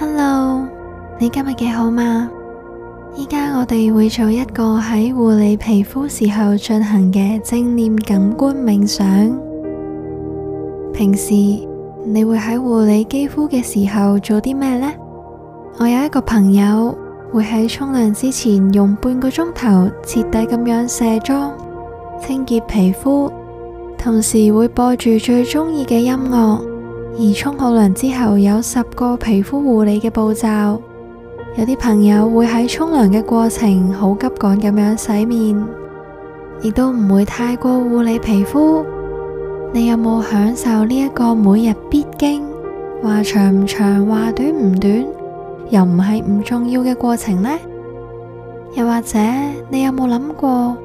Hello，你今日幾好嘛？依家我哋會做一個喺護理皮膚時候進行嘅正念感官冥想。平時你會喺護理肌膚嘅時候做啲咩呢？我有一個朋友會喺沖涼之前用半個鐘頭徹底咁樣卸妝、清潔皮膚，同時會播住最中意嘅音樂。而沖好涼之後，有十個皮膚護理嘅步驟。有啲朋友會喺沖涼嘅過程好急趕咁樣洗面，亦都唔會太過護理皮膚。你有冇享受呢一個每日必經，話長唔長，話短唔短，又唔係唔重要嘅過程呢？又或者你有冇諗過，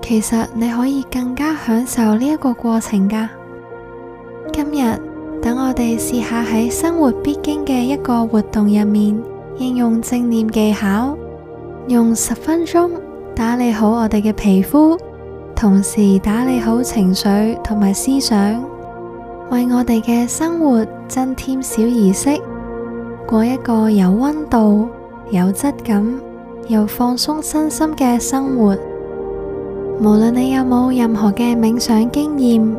其實你可以更加享受呢一個過程㗎？今日，等我哋試下喺生活必經嘅一個活動入面應用正念技巧，用十分鐘打理好我哋嘅皮膚，同時打理好情緒同埋思想，為我哋嘅生活增添小儀式，過一個有溫度、有質感、又放鬆身心嘅生活。無論你有冇任何嘅冥想經驗，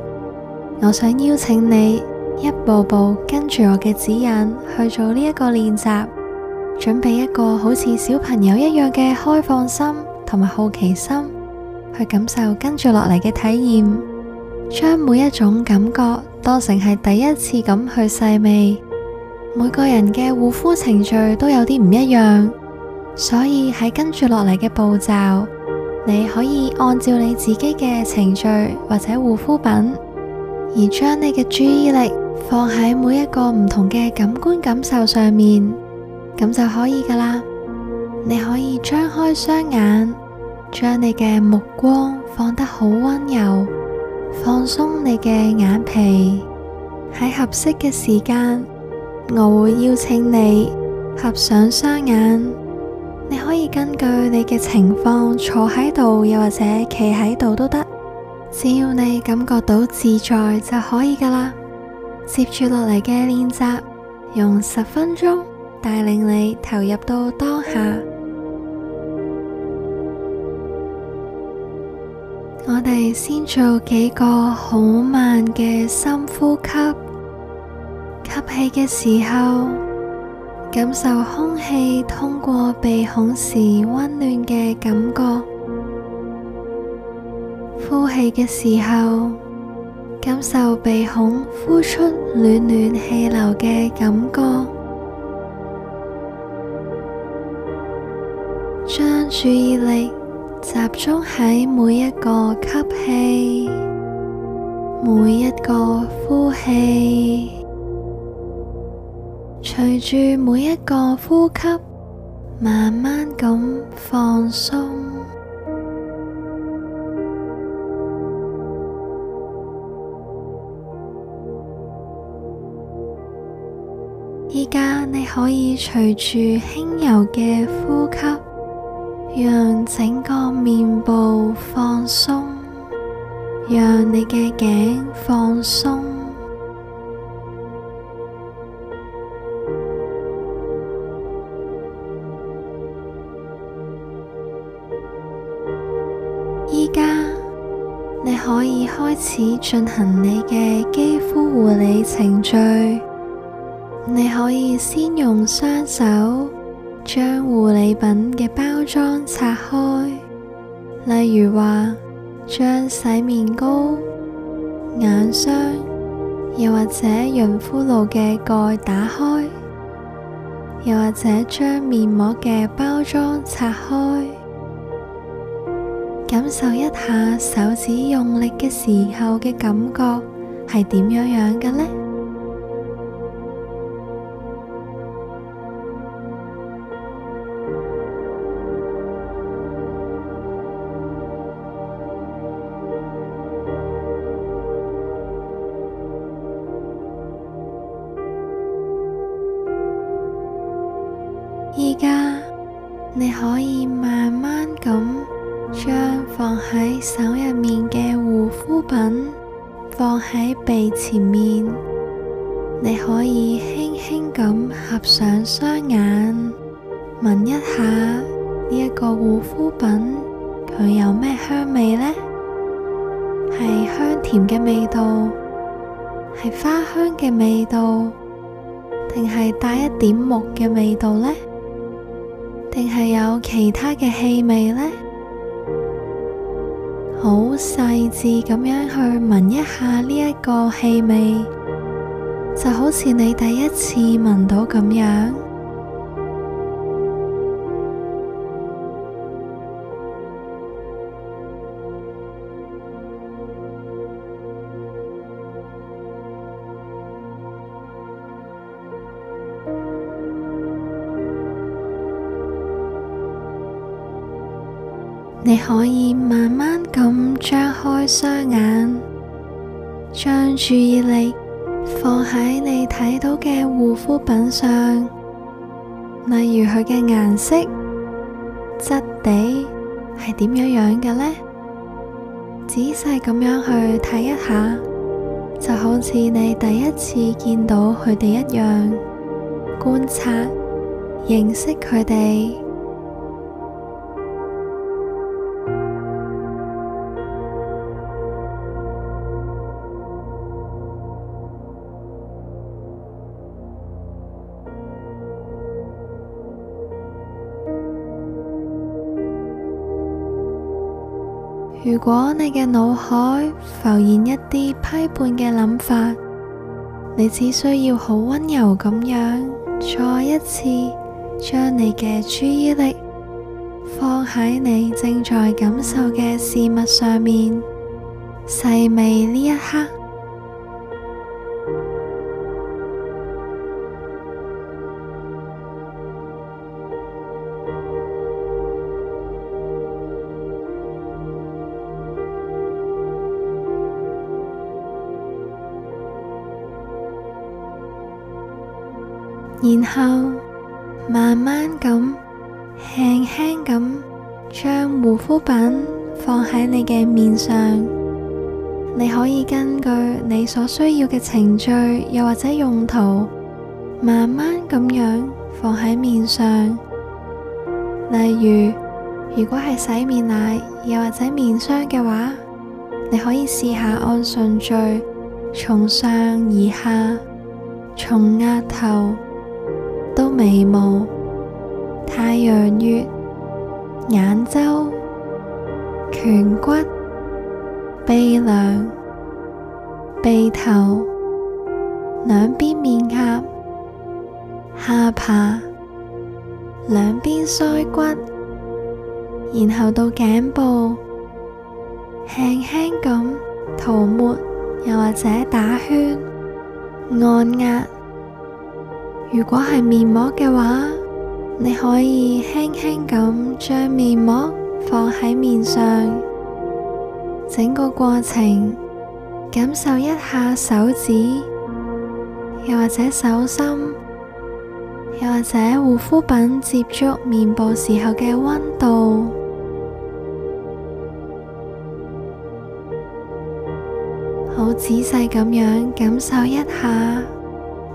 我想邀請你。一步步跟住我嘅指引去做呢一個練習，準備一個好似小朋友一樣嘅開放心同埋好奇心，去感受跟住落嚟嘅體驗。將每一種感覺當成係第一次咁去細味。每個人嘅護膚程序都有啲唔一樣，所以喺跟住落嚟嘅步驟，你可以按照你自己嘅程序或者護膚品，而將你嘅注意力。放喺每一個唔同嘅感官感受上面，咁就可以噶啦。你可以張開雙眼，將你嘅目光放得好溫柔，放鬆你嘅眼皮。喺合適嘅時間，我會邀請你合上雙眼。你可以根據你嘅情況坐喺度，又或者企喺度都得，只要你感覺到自在就可以噶啦。接住落嚟嘅練習，用十分鐘帶領你投入到當下。我哋先做幾個好慢嘅深呼吸，吸氣嘅時候，感受空氣通過鼻孔時溫暖嘅感覺；呼氣嘅時候，感受鼻孔呼出暖暖氣流嘅感覺，將注意力集中喺每一個吸氣、每一個呼氣，隨住每一個呼吸，慢慢咁放鬆。而家你可以隨住輕柔嘅呼吸，讓整個面部放鬆，讓你嘅頸放鬆。而家你可以開始進行你嘅肌膚護理程序。你可以先用雙手將護理品嘅包裝拆開，例如話將洗面膏、眼霜，又或者潤膚露嘅蓋打開，又或者將面膜嘅包裝拆開，感受一下手指用力嘅時候嘅感覺係點樣樣嘅呢？手入面嘅護膚品放喺鼻前面，你可以輕輕咁合上雙眼，聞一下呢一個護膚品，佢有咩香味呢？係香甜嘅味道，係花香嘅味道，定係帶一點木嘅味道呢？定係有其他嘅氣味呢？好細緻咁樣去聞一下呢一個氣味，就好似你第一次聞到咁樣。可以慢慢咁張開雙眼，將注意力放喺你睇到嘅護膚品上，例如佢嘅顏色、質地係點樣樣嘅呢？仔細咁樣去睇一下，就好似你第一次見到佢哋一樣，觀察、認識佢哋。如果你嘅腦海浮現一啲批判嘅諗法，你只需要好溫柔咁樣，再一次將你嘅注意力放喺你正在感受嘅事物上面，細味呢一刻。然後慢慢咁，輕輕咁將護膚品放喺你嘅面上。你可以根據你所需要嘅程序，又或者用途，慢慢咁樣放喺面上。例如，如果係洗面奶又或者面霜嘅話，你可以試下按順序，從上而下，從額頭。到眉毛、太陽穴、眼周、顴骨、鼻樑、鼻頭、兩邊面頰、下巴、兩邊腮骨，然後到頸部，輕輕咁塗抹，又或者打圈、按壓。如果係面膜嘅話，你可以輕輕咁將面膜放喺面上，整個過程感受一下手指，又或者手心，又或者護膚品接觸面部時候嘅温度，好仔細咁樣感受一下。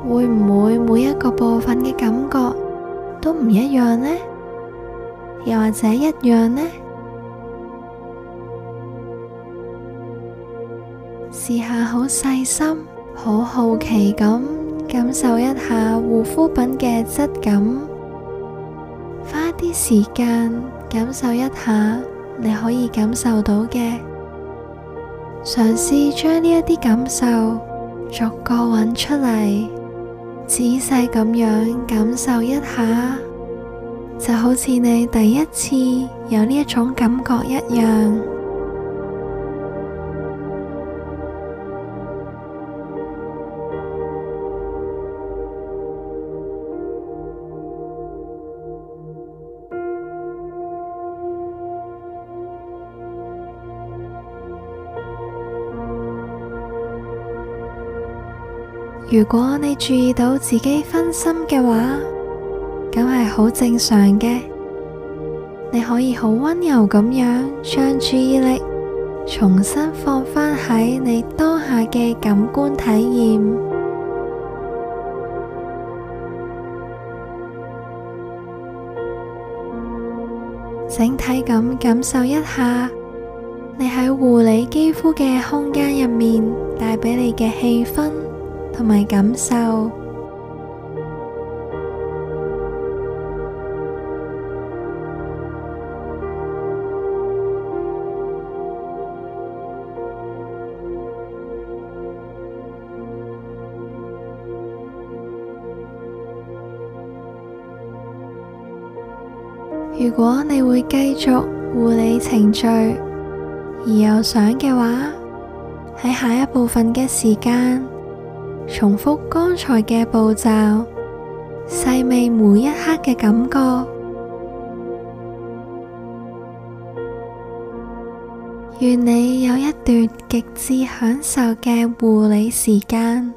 會唔會每一個部分嘅感覺都唔一樣呢？又或者一樣呢？試下好細心、好好奇咁感受一下護膚品嘅質感，花啲時間感受一下，你可以感受到嘅，嘗試將呢一啲感受逐個揾出嚟。仔細咁樣感受一下，就好似你第一次有呢一種感覺一樣。如果你注意到自己分心嘅話，咁係好正常嘅。你可以好溫柔咁樣將注意力重新放返喺你當下嘅感官體驗，整體咁感受一下，你喺護理肌膚嘅空間入面帶俾你嘅氣氛。同埋感受。如果你會繼續護理程序，而又想嘅話，喺下一部分嘅時間。重複剛才嘅步驟，細味每一刻嘅感覺。願你有一段極致享受嘅護理時間。